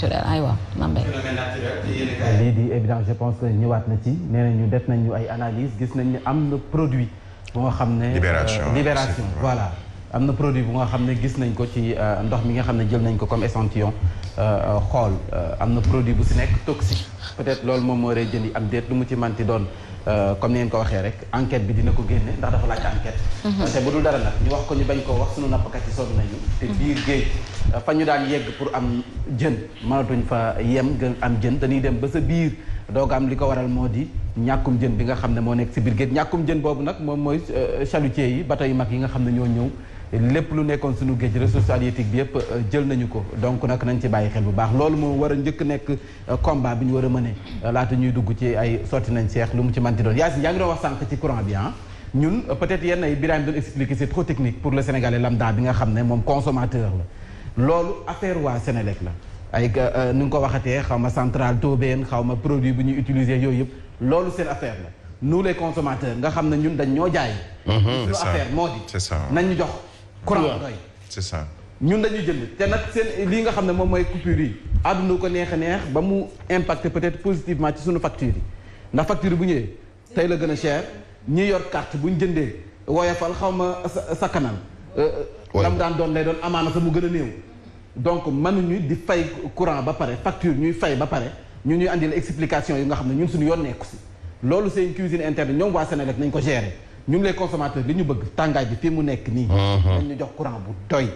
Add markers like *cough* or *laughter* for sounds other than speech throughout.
naturel aywa Mambey. lii di évident je pense ñëwaat na ci nee ñu def nañu ay analyse gis nañ ne am na produit. bu nga xam ne libération euh, voilà. am na produit bu nga xam ne gis nañ ko ci euh, ndox mi nga xam ne jël nañ ko comme échantillon euh, xool am na produit bu si nekk toxi peut-être loolu moom moo rey jëndi am déet lu mu ci manti doon. Euh, comme ni ngeen ko waxee rek enquête bi dina ko génne ndax dafa laaj enquête. Mhm. te bu dul dara nag ñu wax ko ñu bañ koo wax sunu nappkat yi sonn nañu. te mhm. biir géej euh, fa ñu daan yegg pour am jën mënatuñ fa yem gën am jën dañuy dem ba sa biir doog am li ko waral moo di. ñàkkum jën bi nga xam ne moo nekk si biir géej ñàkkum jën boobu nag moom mooy euh, chalutier yi bateau yu mag yi nga xam ne ñoo ñëw lépp lu nekkoon suñu géej ressource halieutique bi yëpp euh, jël nañu ko donc nag nañ ci bàyyi xel bu baax loolu moo war a njëkk nekk euh, combat bi ñu war a mëne euh, laata ñuy dugg ci ay sotti nañ seex lu mu ci manti doon Yacine yaa ngi doon wax sànq ci courant bi ah ñun peut-être yenn ay Birame doon expliquer c'est trop pour le sénégalais lambda bi nga xam ne moom consommateur la loolu affaire waa Sénélec la ay nu nga ko waxatee xaw ma centrale Tobène xaw ma produit bu ñuy utiliser yooyu yëpp loolu seen affaire la nous les consommateurs nga xam ne ñun dañ ñoo jaay. Mhm, c'est moo di nañ ñu jox. courant doy c'est ça ñun dañuy jënd te nag seen lii nga xam ne moom mooy coupure yi àdduna ko neex a neex ba mu impacté peut-être positivement ci suñu facture yi ndax facture bu ñëwee tey la gën a cher ñi yor carte bu ñu jëndee woyofal xaw ma sakkanal euh, euh, lam daan doon lay doon amaana sa mu gën a néew donc mënuñu di fay courant ba pare facture ñuy fay ba pare ñu ñuy andil explication yi nga xam ne ñun suñu yoon nekku si loolu seen cuisine interne ñoom waa Sénégal nañ ko gérer ñun les consomateur li ñu bëgg tàngaay bi fii mu nekk nii. Mhm. nañ ñu jox courant bu doy.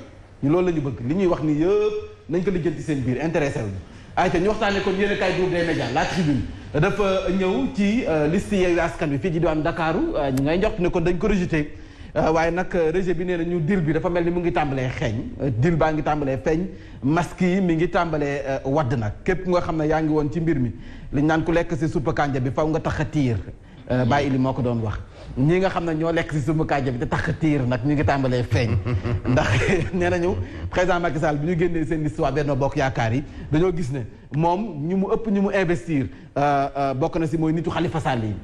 ñu loolu la ñu bëgg li ñuy wax nii yëpp nañ ko lijjanti seen biir intéressé wu ñu. ayca ñu waxtaanee kon yéen a kaay groupe des médias la tribune dafa ñëw ci euh, liste yeeg askan bi fii ci diwaan ndakaaru euh, ñu ngay jox ne kon dañ ko rejeté. Euh, waaye nag rejet bi nee na ñu dil bi dafa mel ni mu ngi tàmbalee xeeñ dil baa ngi tàmbalee feeñ masque yi mi ngi tàmbalee wadd nag képp nga xam ne yaa ngi woon ci mbir mi liñ naan ku lekk si suppa kànja bi faw nga tax a ti Euh, Baye Ili moo ko doon wax ñii nga xam ne ñoo lekk si sumb kàjje bi te tax tiir nag ñu ngi tàmbalee feeñ *laughs* ndax nee nañu président Macky Sall bi ñu génnee seen liste waa Benno Bokk Yaakaar yi dañoo gis ne moom ñu mu ëpp ñu mu investir euh, euh, bokk na si mooy nit Khalifa Sall yi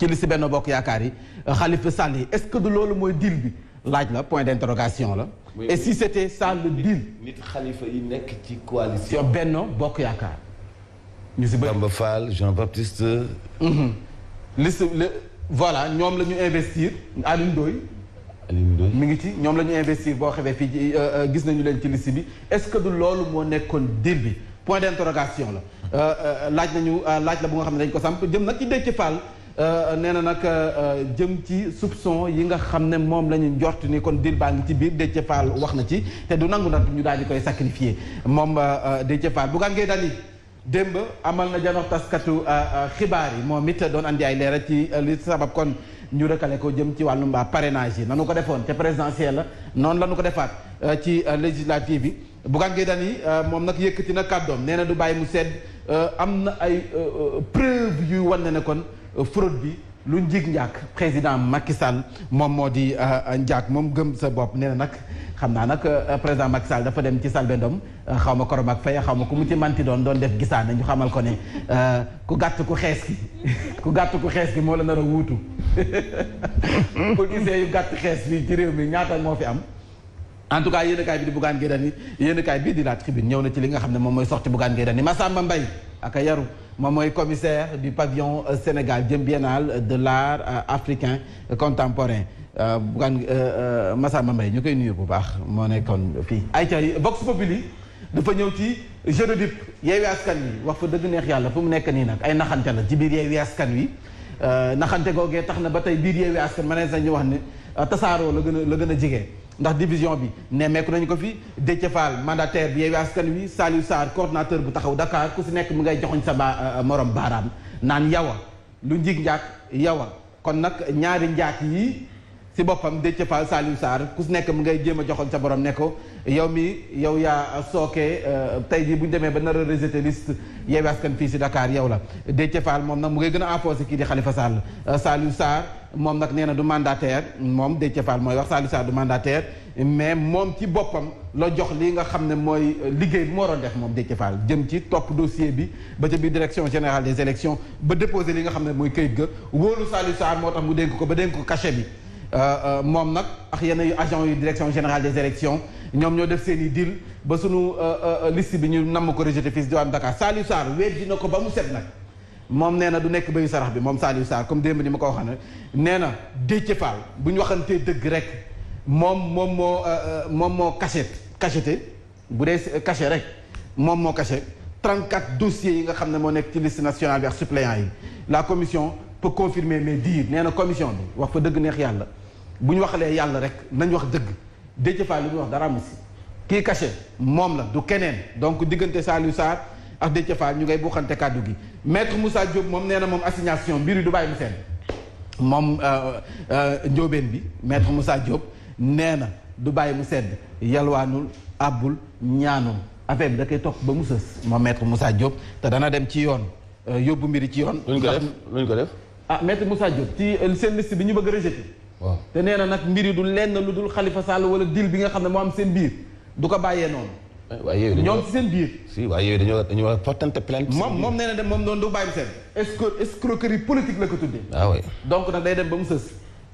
ci liste Benno Bokk Yaakaar yi Khalifa Sall yi est-ce que du loolu mooy deal bi laaj la point d'interrogation la et si c'était ça le deal nit Khalifa yi nekk ci coalition Benno Bokk Yaakaar ñu si bëri Bamba Fall Jean Baptiste mm-hmm. le voilà ñoom la ñu investir Alioune mu ngi ci ñoom la ñu investir boo xamee fii euh, euh, gis nañu leen ci liste bi est-ce que du loolu moo nekkoon dir bi point d'interrogation la euh, laaj nañu laaj la bu nga xam ne dañ ko samp jëm nag ci Déthié Fall nee na nag jëm ci soupçon yi nga xam ne moom la ñu njort ni kon dir baa ngi ci biir Déthié Fall wax na ci te du nangu nag ñu daal di koy sacrifier moom Déthié Fall bu gaan ngay dal démb amal na janox taskatu euh, euh, xibaar yi moom it doon andi ay leeral ci euh, li sabab kon ñu rëkkale ko jëm ci wàllu mbaa parrainage yi nanu ko defoon ca présidentielle la noonu la ko defaat ci législative yi Bougane Gueye Dany moom nag yëkkati na kàddoom nee na du bàyyi mu sedd am na ay preuve yuy wane ne kon fraude bi lu njig njàkk président Macky Sall moom moo di euh, euh, njàkk moom gëm sa bopp nee na nag xam naa nag euh, président Macky dafa dem ci salbendom xaw ma korom ak fay xaw ma ku mu ci manti doon doon def gisaan ñu xamal ko ne ku gàtt ku xees ki *laughs* ku gàtt ku xees ki moo la nar a wuutu *laughs* ku gisee yu gàtt xees bi ci réew mi ñaata moo fi am en tout cas yéen a kaay bi di Bougane Gueye Dany yéen a kaay bii di laaj tribune ñëw na ci li nga xam ne moom mooy sorti Bougane Gueye Dany Massamba Mbaye ak yaru moom mooy commissaire du pavillon euh, Sénégal jëm biennale de l'art euh, africain contemporain euh, Bougane ma mbay ñu koy nuyu bu baax moo nekkoon fii ay ayca Vox Populi dafa ñëw ci jeu de dupe Yewwi Askan Wi wax fa dëgg neex yàlla fu mu nekk nii nag ay naxante la ci biir Yewwi Askan Wi naxante googee tax na ba tey biir Yewwi Askan ma ne sax wax ne tasaaroo la gën a la gën a jege ndax division bi ne nemmeeku nañ ko fi Déthié Fall mandataire bi Yewwi Askan Wi Saliou Sarr cordinateur bu taxaw Dakar ku si nekk mu ngay joxoñ sa ba euh, morom baaraam naan yawa lu njig njaak yawa kon nag ñaari njaak yi ci boppam Déthié Fall Saliou saar ku si nekk mu ngay jéem a joxoon sa borom ne ko yow mi yow yaa sooke euh, tey jii bu ñu demee ba nar a rejeté liste Yewwi Askan fii si Dakar yow la Déthié Fall moom nag mu ngay gën a enfoncé kii di Khalifa Sall euh, Saliou Sarr moom nag nee na du mandataire moom Déthié Fall mooy wax Saliou Sarr du mandataire mais moom ci boppam la jox li nga xam ne mooy liggéey bi moo doon def moom Déthié Fall jëm ci topp dossier bi ba ca biir direction générale des élections ba déposé li nga xam ne mooy këyit ga wóolu Saliou Sarr moo mu dénk ko ba dénk ko bi Euh, euh, moom nag ak yenn agent yu direction général des élections ñoom ñoo def seen i deal ba sunu euh, liste bi ñu namm ko rejeté fii si diwaan Dakar Saliou saar weddi na ko ba mu set nag moom nee na du nekk bayu sarax bi moom Saliou Sarr comme démb ni ma ko waxee nee na Déthié Fall bu ñu waxantee dëgg rek moom moom moo moom moo cachet cacheté bu dee caché rek moom moo caché 34 dossiers yi nga xam ne moo nekk ci liste nationale bi ak suppléants yi la commission pour confirmer mais dire nee na commission bi wax fa dëgg neex yàlla bu ñu waxalee yàlla rek nañ wax dëgg Déthié Fall lu ñu wax dara amu si kii caché moom la du keneen donc diggante Saliou Sarr ak Déthié Fall ñu ngay buuxante kàddu gi maître Moussa Diop moom nee na moom assignation mbir yi du bàyyi mu seen moom euh, euh, njóobeen bi maître Moussa Diop nee na du bàyyi mu sedd yalwaanul àbbul ñaanul affaire bi da koy topp ba mu sës moom maître Moussa Diop te dana dem ci yoon euh, yóbbu mbiri ci yoon. luñ ko ko ah maître Moussa Diop ci euh, seen liste bi ñu bëgg a rejeté. waaw te nee na nag mbir yi du lenn lu dul xalifa Sall wala diil bi nga xam ne moo am seen biir du ko bàyyee noonu. Eh, waaye yooyu seen biir. si waaye yooyu dañoo dañoo portante plainte. moom moom nee dem moom noonu du bàyyi seen. escroquerie politique la ko tuddee. waaw ah, waay donc nag day dem ba mu sës.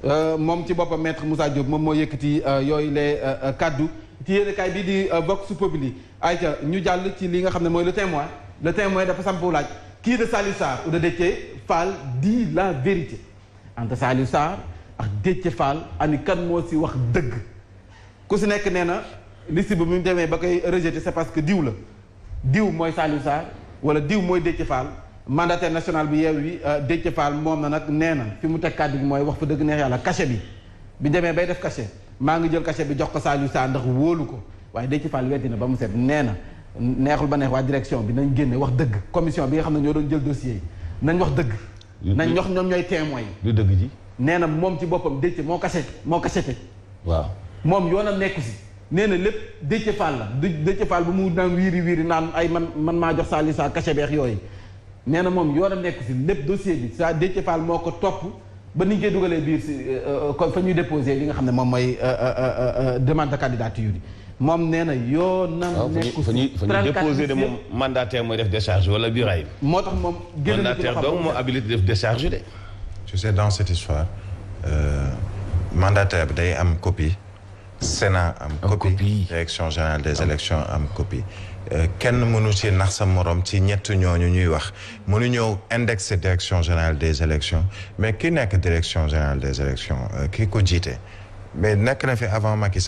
Euh, moom ci boppam maître Moussa Diop moom moo yëkkati euh, yooyu les kaddu ci yéenekaay bii di bokk Vox Populi ayca ñu jàll ci li nga xam ne mooy le témoin le témoin dafa sampu laaj kii de Salif Sarr ou de Fall di la vérité Anta Saliou Sarr ak Déthié Fall ani kan moo si wax dëgg ku si nekk nee na liste bi mu demee ba koy rejeté c'est parce que diw la diw mooy Saliou Sarr wala diw mooy Déthié Fall national bi yeew bi euh, Déthié Fall moom na nag nee na fi mu teg kàddu gi mooy wax fa dëgg neex yàlla cachet bi bi demee bay def cachet maa ngi jël cachet bi jox ko Saliou Sarr ndax wóolu ko waaye Déthié Fall weddi na ba mu set nee na neexul ba neex waa direction bi nañ génne wax dëgg commission bi nga xam ne ñoo doon jël dossier yi nañ wax dëgg. nañ wax ñoom ñooy témoin yi. lu dëgg ji. nee na moom ci boppam Déthié moo kase moo kasete. waaw moom yoonam nekku si. nee na lépp Déthié Fall la Déthié Fall bu mu naan wiiri wiiri naan ay man man maa jox Saliou Sa kase beex yooyu. nee na moom yoonam nekku si lépp dossier bi sa Déthié Fall moo ko topp ba ni ñu koy dugalee biir si euh, euh, kon fa ñuy déposé li nga xam ne moom mooy euh, demande de candidature moom nee na yoonam. nekku ah, fa ñuy moom mandataire mooy def décharge wala bureau moo tax moom gën mandataire donc moo habilité def décharge de. tu sais dans cette histoire euh, mandataire bi day am copie Sénat am copie direction générale des élections am copie. Euh, kenn mënu ci nax sa morom ci ñett ñooñu ñuy wax mënu ñëw indexé direction générale des élections mais ki nekk direction générale des élections euh, ki ko jiite mais nekk na fi avant Macky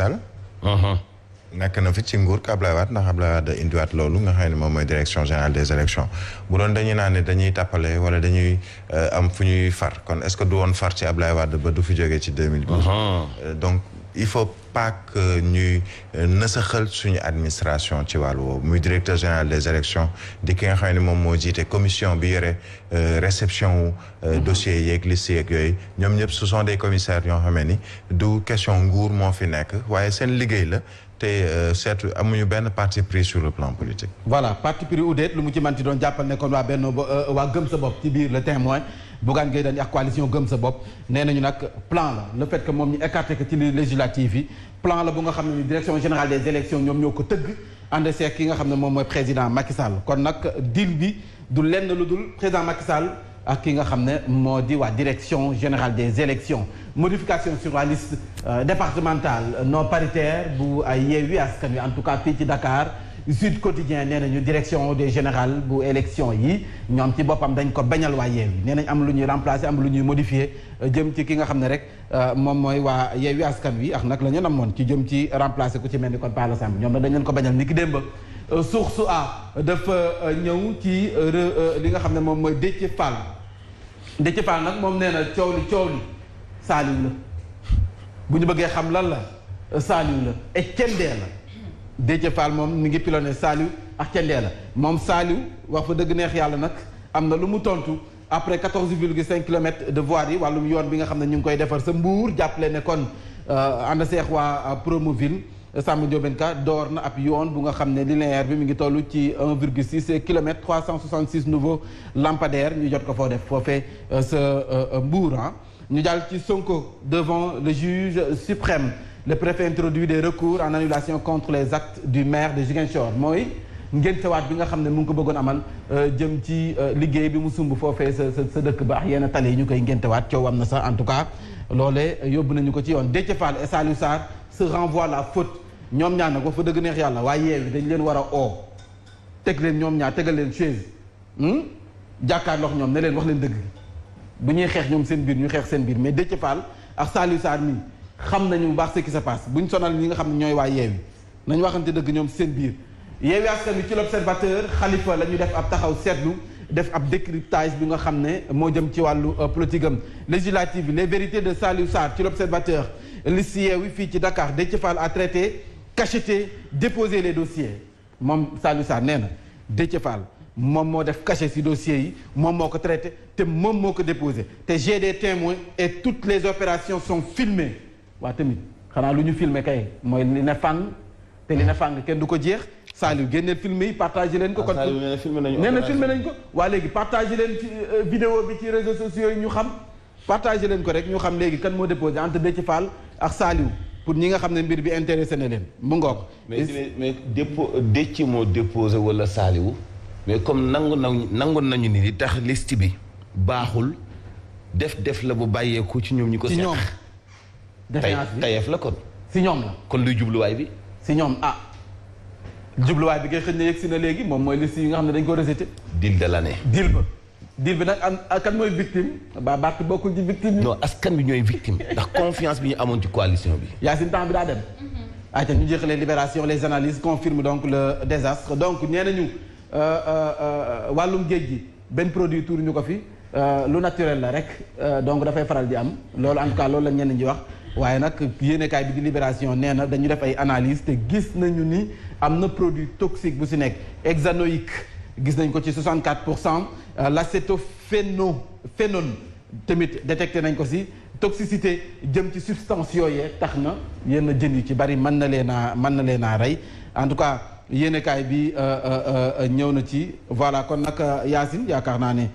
nekk na fi ci nguur ka Ablaye Wade ndax Ablaye Wade indiwaat loolu nga xam ne moom mooy direction générale des élections bu doon dañuy naan ne dañuy tàppale wala dañuy euh, am fu ñuy far kon est-ce que du woon far ci Ablaye Wade ba du fi jógee ci 2012 euh, donc il faut pas que ñuy euh, nasaxal suñu administration ci wàllu woowu muy directeur général des élections di ki nga xam ne moom moo jiite commission bi yore réception wu dossiers yeeg liste yeeg yooyu ñoom ñëpp ce sont des commissaires yoo xam ne ni du question nguur moo fi nekk waaye seen liggéey la te euh, seetu amuñu benn parti pris sur le plan politique. voilà parti pris ou lu mu ci manti doon jàppal ne kon waa benn euh, waa gëm sa bopp ci biir le témoin Bougane Gueye Dany ak coalition gëm sa bopp nee nañu nag plan la le fait moom ñu écarté que ci législative yi plan la bu nga xam ne direction générale des élections ñoom ñoo ko tëgg ànd seeg ki nga xam ne moom mooy président Macky Sall kon nag deal bi du lenn lu dul président Macky ak ki nga xam ne moo di waa direction générale des élections modification sur la liste euh, départementale non paritaire bu ay Yewwi Askan Wi en tout cas fii ci Dakar Sud Quotidien nee nañu direction des générale bu élection yi ñoom ci boppam dañ ko bañal waa Yewwi nee nañ am lu ñuy remplacer am lu ñuy modifier euh, jëm ci ki nga xam ne rek euh, moom mooy waa Yewwi Askan Wi ak nag la nam moon ci jëm ci remplacer ku ci mel ni kon Pala Samb ñoom nag dañ leen ko bañal ni ki démb source a dafa ñëw ci li nga xam ne moom mooy Déthié Fall Déthié Fall nag moom nee na coow li coow li Saliou la bu ñu bëggee xam lan la Saliou la et Thiendella la Déthié Fall moom mi ngi pilone Saliou ak Thiendella la moom Saliou wax fa dëgg neex yàlla nag am na lu mu tontu après quatorze virgule cinq kilomètres de voirie yi wàllum yoon bi nga xam ne ñu ngi koy defar sa mbuur jàppale ne kon euh, ànd seex waa euh, Promoville Samba Ndiobène Ka door na ab yoon bu nga xam ne linéaire bi mi ngi toll ci 1,6 kilomètre 366 nouveaux lampadaires ñu jot ko foo def foofee euh, sa euh, Mbour ñu jàll ci Sonko devant le juge suprême le préfet introduit des recours en annulation contre les actes du maire de Ziguinchor mooy ngéntewaat bi nga xam ne mu ngi ko bëggoon amal euh, jëm ci liggéey bi mu sumb foofee sa sa dëkk ba ak yenn tali ñu koy ngéntewaat coow am na sax en tout cas loolee yóbbu nañu ko ci yoon Déthié Fall et Saliou Sarr se ñoom ñaar nag wax fa dëgg neex yàlla waaye yeewi dañ leen war a oo teg leen ñoom ñaar tegal leen chaise ndox hmm? ñoom ne leen wax leen dëgg bu ñuy xeex ñoom seen biir ñu xeex seen biir mais Déthié Fall ak Saliou Sarr mi xam nañu bu baax ce qui se passe buñ sonal ñi nga xam ne ñooy waa yeewi nañ waxante dëgg ñoom seen biir yeewi askan wi ci l'observateur xalifa la ñu def ab taxaw seetlu def ab décryptage bi nga xam ne moo jëm ci wàllu euh, politique am législative les vérités de Saliou Sarr ci l'observateur liste yeewi fii ci Dakar Déthié Fall a traité cacheté déposer les dossiers moom Saliou Sarr nee na Déthié Fall moom moo def cachet ci dossier yi moom moo ko traité te moom moo ko déposé te j'ai des témoins et toutes les opérations son filmer waa tamit xanaa lu ñu filmé kay mooy li ne fàng te li ne fàng kenn du ko jeex Saliou génneel filmé yi partagé leen ko. kon ah, nee na filmé nañ ko. waa léegi partagé leen ci euh, vidéo bi ci réseaux sociaux yi ñu xam partagé leen ko rek ñu xam léegi kan moo déposé entre Déthié Fall ak Saliou. pour ñi nga xam ne mbir bi intéresé na leen mu ngoog. mais mais dépôt dëcc moo déposé wala saaliwu mais comme nangu nañu nangu nañu ni li tax liste bi baaxul def def la bu bàyyeeku ci ñoom ñu ko. ci ñoom tayef la kon. si ñoom la kon luy jubluwaay bi. si ñoom ah. jubluwaay bi ngay xëj ne yegg si na léegi moom mooy liste yi nga xam ne dañ ko rejeté. deal de l'année. diir bi nag am kan mooy victime ba Barth bokkul ci victime. non askan bi ñooy victime ndax confiance bi ñu amoon ci coalition bi. Yacine temps bi daa dem. Mm-hmm. ayca ñu jeexalee libération les analyses confirment donc le désastre donc nee nañu euh, euh, euh, wàllum géej gi benn produit tour ñu ko fi lu naturel la rek donc dafay faral di am loolu en loolu la ñenn ñi wax waaye nag yéenekaay bi di libération nee na dañu def ay analyses te gis nañu ni am na produit toxique bu si nekk hexanoïque gis nañ ko ci 64 pour cent. Euh, l'acétophénone tamit détecté nañ ko si toxicité jëm ci substance yooyee tax na yenn jën yu ci bari mën na leen a mën na leen a rey en tout cas yéenekaay bi euh, euh, ñëw na ci voilà kon nag Yacine yaakaar naa ne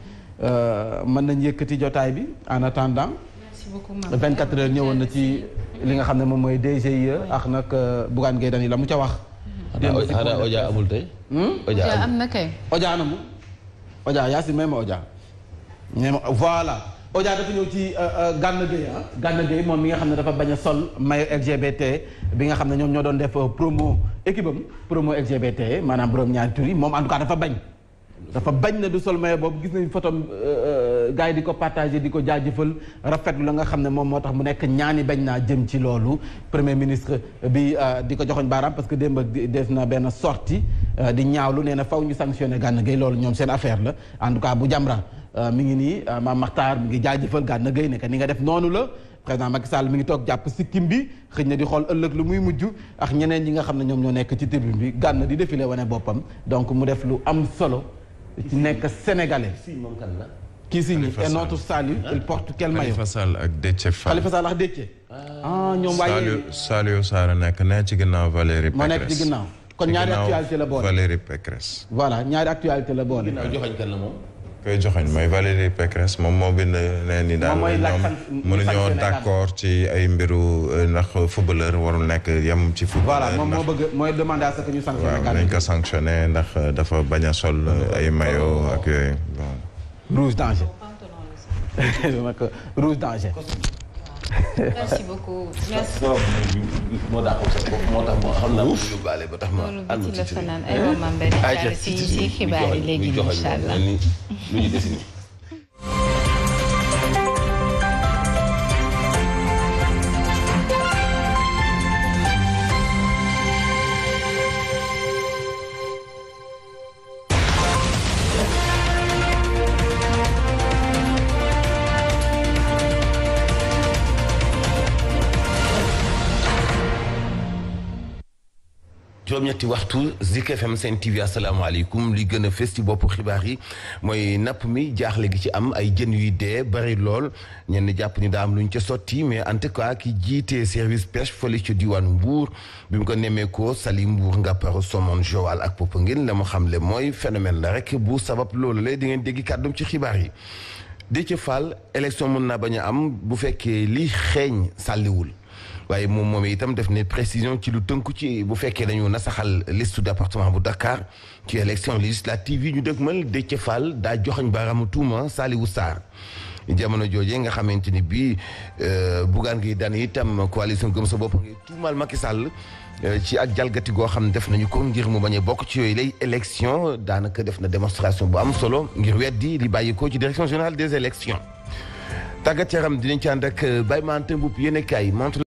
mën nañ yëkkati jotaay bi en attendant. merci beaucoup ñëwoon na ci li nga xam ne moom mooy DGIE ak nag Bougane Gueye Dany la mu ca wax. xanaa Oja amul tey. Hmm? Oja am Oja Yacine may ma Oja. nee voilà Oja dafa ñëw ci euh, euh, Gana Gueye ah Gana moom mi nga xam ne dafa bañ a sol mayo LGBT bi nga xam ne ñoom ñoo doon def euh, promo équipe am promo LGBT maanaam borom ñaari tur yi moom en tout dafa bañ. dafa bañ na du sol maillot boobu gis nañ photo euh, euh, gars yi di ko partagé di ko jaajëfal rafetlu la nga xam ne moom moo tax mu nekk ñaani bañ naa jëm ci loolu premier ministre bi euh, di ko joxoñ baaraam parce que démb def na benn sortie di ñaawlu nee na faw ñu sanctionné Gana Gueye loolu ñoom seen affaire la en tout cas bu Jamra mi ngi nii maam Makhtar mi ngi jaajëfal Gana Gueye nekk ni nga def noonu la président Macky Sall mi ngi toog jàpp sikkim bi xëy na di xool ëllëg lu muy mujj ak ñeneen ñi nga xam ne ñoom ñoo nekk ci tribune bi Gana di defilee wane boppam donc mu def lu am solo nekk sénégalais. kii signe et notre salut il porte quel maillot Khalifa Sall ak Déthié Fall Khalifa Sall ak Déthié ah, ah ñoom nekk nekk ci ginnaaw Valérie Pécresse moo kon ñaari actualité la boole Valérie Pécresse voilà ñaari actualité la boole koy joxoñ mooy Valérie Pécresse moom moo bind nee ni daal ñoom mënuñoo d'accord ci ay mbiru euh, ndax footballeur warul nekk yem ci footballeur mooy demander à ce que ñu ko sanctionné ndax euh, dafa bañ a sol euh, ay maillot ak yooyu bon rouge *laughs* merci beaucoup. merci sama moo dàqul sax moo tax moo xam naa mu yóbbaale ba tax ma. ànd ci ci ci ci ci ci ci ci ci ci ci ci ci ci ci ci ci juróom-ñetti waxtu Zik FM Sen TV asalaamaaleykum li gën a fës ci boppu xibaar yi mooy napp mi jaaxle gi ci am ay jën yuy dee bari lool ñenn jàpp ni daa am lu ñu ca sotti mais en tout cas ki jiitee service pêche fële ca diwaanu Mbour bi mu ko nemmeekoo Saly mbuur Ngaparou Somone Joal ak Popenguine la mu xamle mooy phénomène la rek bu sabab loolu la di ngeen dégg kàddum ci xibaar yi. Déthié Fall élection mën naa bañ a am bu fekkee li xeeñ sàlliwul. waaye moom moom itam def ne précision ci lu tënku ci bu fekkee dañu nasaxal list département bu Dakar ci élection législative yi ñu dëgmal Déthié Fall daa joxañ baaraamu tuuma Saliou Sarr jamono jooje nga xamante ni bii euh, Bougane Gueye Dany itam coalition gëm sa bopp ngay tuumaal Macky sàll euh, ci ak jalgati goo xam ne def nañu ko ngir mu bañ a bokk ci yooyu lay élection daanaka def na démonstration bu am solo ngir weddi li bàyyi ko ci direction générale des élections tàggat yaram dinañ ci ànd ak euh, Baye Mante Mboup yéen a kaay